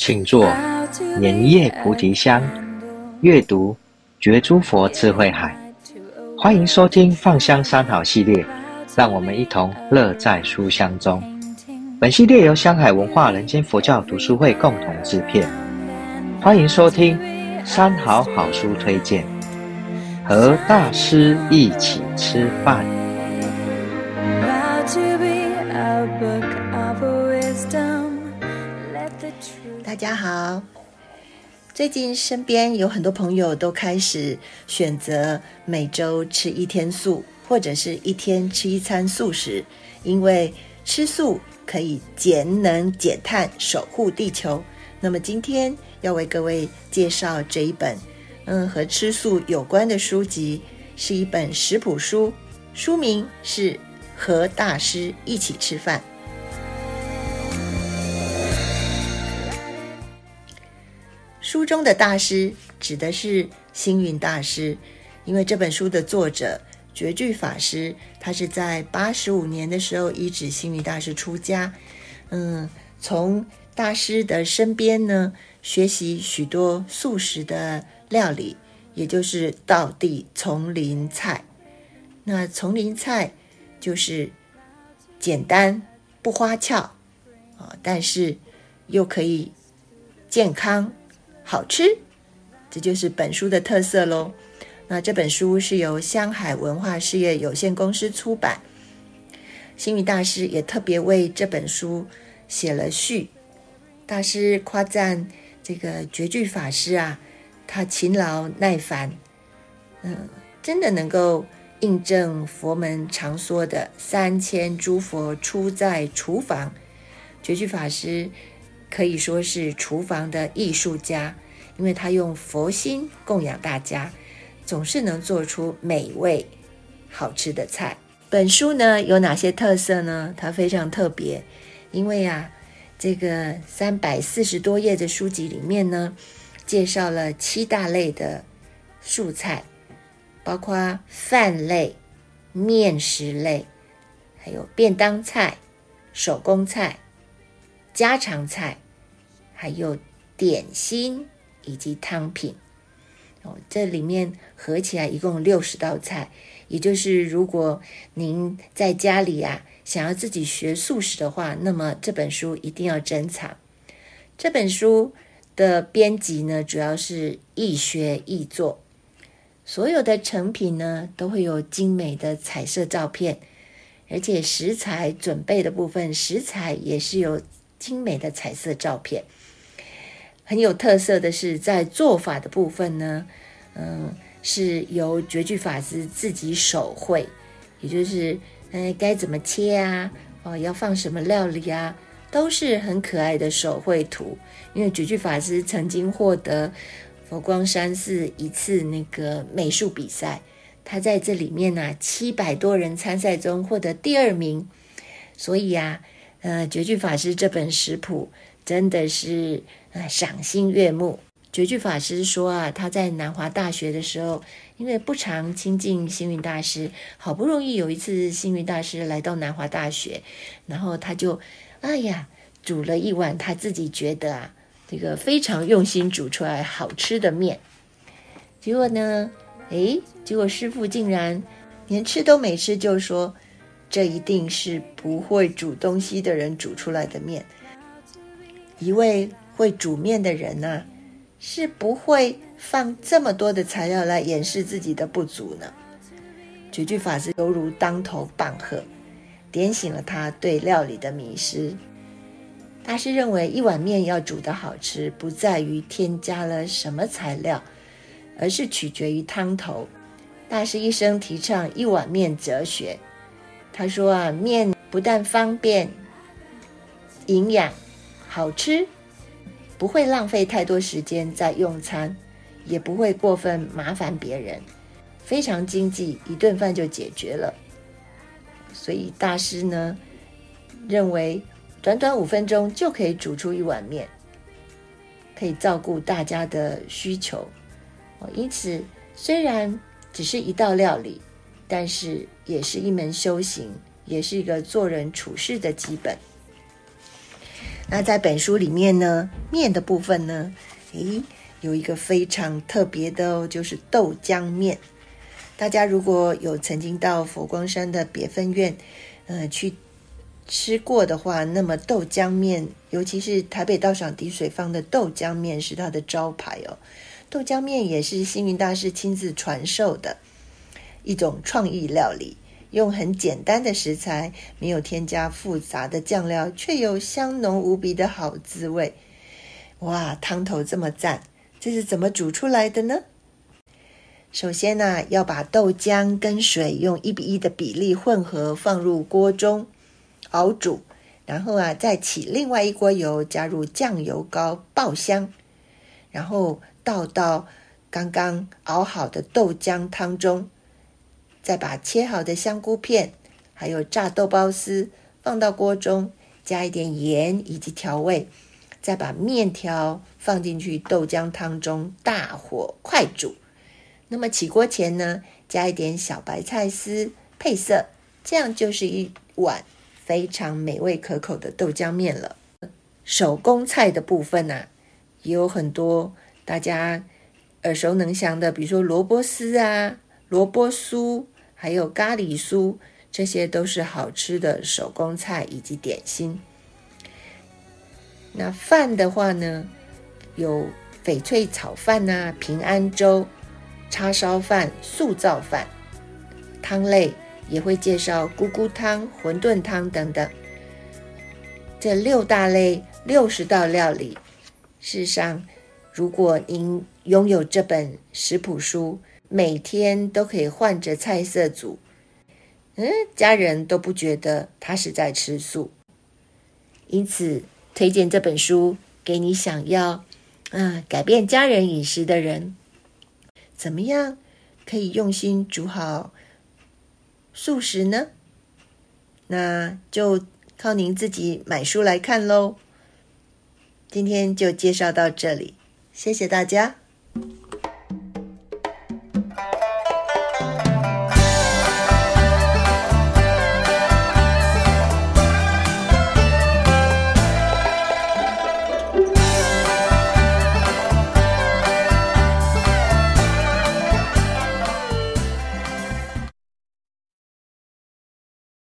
請坐，蓮葉菩提香，閱讀覺諸佛智慧海，歡迎收聽放香三好系列，讓我們一同樂在書香中。本系列由香海文化人間佛教讀書會共同製片，歡迎收聽三好好書推薦，和大師一起吃飯。大家好，最近身邊有很多朋友都開始選擇每週吃一天素，或者是一天吃一餐素食，因為吃素可以節能減碳，守護地球。那麼今天要為各位介紹這一本，嗯，和吃素有關的書籍，是一本食譜書，書名是《和大師一起吃飯》。書中的大師指的是星雲大師，因為這本書的作者覺具法師，他是在八十五年的時候依止星雲大師出家。嗯，從大師的身邊呢，學習許多素食的料理，也就是道地叢林菜。那叢林菜就是簡單不花俏啊，但是又可以健康。好吃，這就是本書的特色嘍。那這本書是由香海文化事業有限公司出版，星雲大師也特別為這本書寫了序。大師誇讚這個覺具法師啊，他勤勞耐煩，嗯、呃，真的能夠印證佛門常說的“三千諸佛出在廚房”。覺具法師。可以說是廚房的藝術家，因為他用佛心供養大家，總是能做出美味、好吃的菜。本書呢有哪些特色呢？它非常特別，因為啊，這個三百四十多頁的書籍裡面呢，介紹了七大類的素菜，包括飯類、麵食類，還有便當菜、手工菜。家常菜，還有點心以及湯品哦，這裡面合起來一共六十道菜。也就是，如果您在家裡啊想要自己學素食的話，那麼這本書一定要珍藏。這本書的編輯呢，主要是易學易做，所有的成品呢都會有精美的彩色照片，而且食材準備的部分，食材也是有。精美的彩色照片，很有特色的是，在做法的部分呢，嗯，是由覺具法師自己手繪，也就是，嗯、哎，該怎麼切啊，哦，要放什麼料理啊，都是很可愛的手繪圖。因為覺具法師曾經獲得佛光山寺一次那個美術比賽，他在這裡面呢、啊，七百多人參賽中獲得第二名，所以啊。呃，覺具法師這本食譜真的是，呃，賞心悅目。覺具法師說啊，他在南華大學的時候，因為不常親近星云大師，好不容易有一次星云大師來到南華大學，然後他就哎呀，煮了一碗他自己覺得啊，這個非常用心煮出來好吃的麵，結果呢，誒，結果師父竟然連吃都沒吃，就說。這一定是不會煮東西的人煮出來的面。一位會煮麵的人呢、啊，是不會放這麼多的材料來掩飾自己的不足呢。覺具法師猶如當頭棒喝，點醒了他對料理的迷失。大師認為，一碗面要煮得好吃，不在於添加了什麼材料，而是取決於湯頭。大師一生提倡一碗面哲學。他說啊，麵不但方便、營養、好吃，不會浪費太多時間在用餐，也不會過分麻煩別人，非常經濟，一頓飯就解決了。所以大師呢，認為短短五分鐘就可以煮出一碗麵，可以照顧大家的需求。因此雖然只是一道料理。但是也是一門修行，也是一個做人處事的基本。那在本書裡面呢，麵的部分呢，哎、欸，有一個非常特別的哦，就是豆漿麵。大家如果有曾經到佛光山的別分院，呃，去吃過的話，那麼豆漿麵，尤其是台北道場滴水坊的豆漿麵是它的招牌哦。豆漿麵也是星雲大師親自傳授的。一種創意料理，用很簡單的食材，沒有添加複雜的醬料，卻有香濃無比的好滋味。哇，湯頭這麼讚，這是怎麼煮出來的呢？首先呢、啊，要把豆漿跟水用一比一的比例混合，放入鍋中熬煮，然後啊，再起另外一鍋油，加入醬油膏爆香，然後倒到剛剛熬好的豆漿湯中。再把切好的香菇片，還有炸豆包絲放到鍋中，加一點鹽以及調味，再把麵條放進去豆漿湯中，大火快煮。那麼起鍋前呢，加一點小白菜絲配色，這樣就是一碗非常美味可口的豆漿麵了。手工菜的部分啊，也有很多大家耳熟能詳的，比如說蘿蔔絲啊，蘿蔔酥。還有咖喱酥，這些都是好吃的手工菜以及點心。那飯的話呢，有翡翠炒飯吶、啊、平安粥、叉燒飯、素燥飯。湯類也會介紹菇菇湯、餛飩湯等等。這六大類六十道料理，事實上，如果您擁有這本食譜書。每天都可以換着菜色煮，嗯，家人都不覺得他是在吃素，因此推薦這本書給你想要，嗯、啊，改變家人飲食的人，怎麼樣可以用心煮好素食呢？那就靠您自己買書來看嘍。今天就介紹到這裡，謝謝大家。